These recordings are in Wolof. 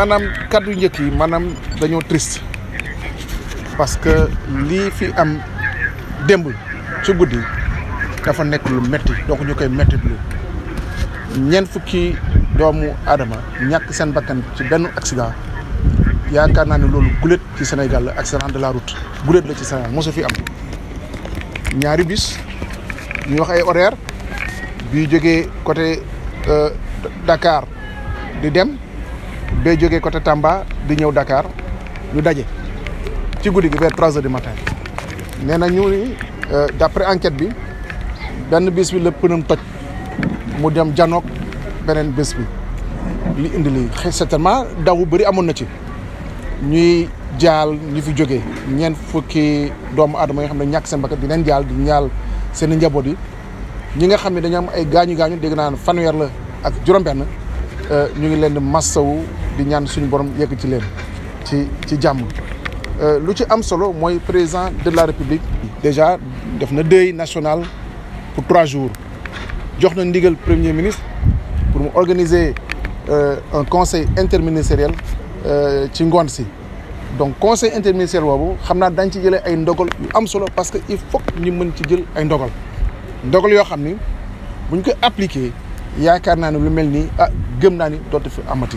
manam kaddu ñëk yi manam dañoo triste parce que lii fi am démb ci guddi dafa nekk lu metti donc ñu koy metti lu ñeent fukki doomu adama ñàkk seen bakkan ci benn accident yaakaar naa ne loolu gulet ci Sénégal la accident de la route gulet la ci Sénégal mosu fi am ñaari bis ñu wax ay horaire bi jógee côté euh, Dakar di dem be jógee côté Tamba di ñëw dakaar ñu daje ci guddi gi vers trois heures du matin nee na ñu euh, enquête bi benn bis bi la pënam toj mu dem janoog beneen bés bi li indi lii certainement daw bu bëri amoon na ci ñuy jaal ñu fi jógee ñeent fukki doomu aadama ñu xam ne ñàkk seen bakkan di jaal di ñaal seen njaboot yi ñi nga xam ne dañu am ay gaañu gaañu dégg naa fanweer la ak juróom-benn euh, ñu ngi leen di massawu di ñaan suñu borom yegg ci leen ci ci jàmm euh, lu ci am solo mooy président de la république déjà def na deuil national pour trois jours jox na ndigal premier ministre pour mu organiser euh, un conseil interministériel euh, ci ngoon si donc conseil interministériel boobu xam naa dañ ci jëlee ay ndogal yu am solo parce que il faut ñu mën ci jël ay ndogal ndogal yoo xam ni buñ ko appliquer yaakaar naa ne lu mel nii ah gëm naa ni dootu fi amati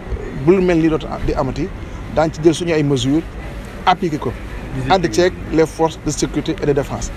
bu lu mel ni dootu di amati daañu ci jël suñu ay mesures appliqué ko ànd ceeg les forces de sécurité et de défense